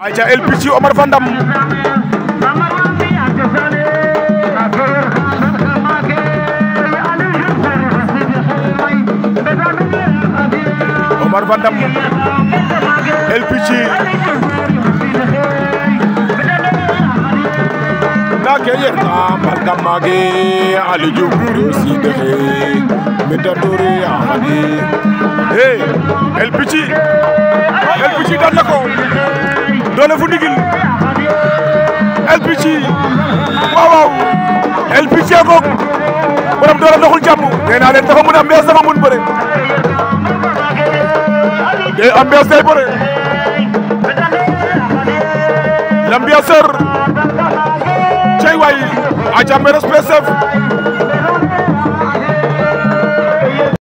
ayca El Pichi Omar Fa Ndam Omar Fa Ndam El Pichi nake yerna mbalda mage ali juburu sidehe metatori ahadi hey El Pichi El Pichi dan na doole fu ndigil El Pichi waaw waaw El Pichi koog borom doole doxul jàmm nee naa leen dafa mun a mees dafa mun bëre day am mees day bëre l'ambianceur cey waay a jàmme respect chef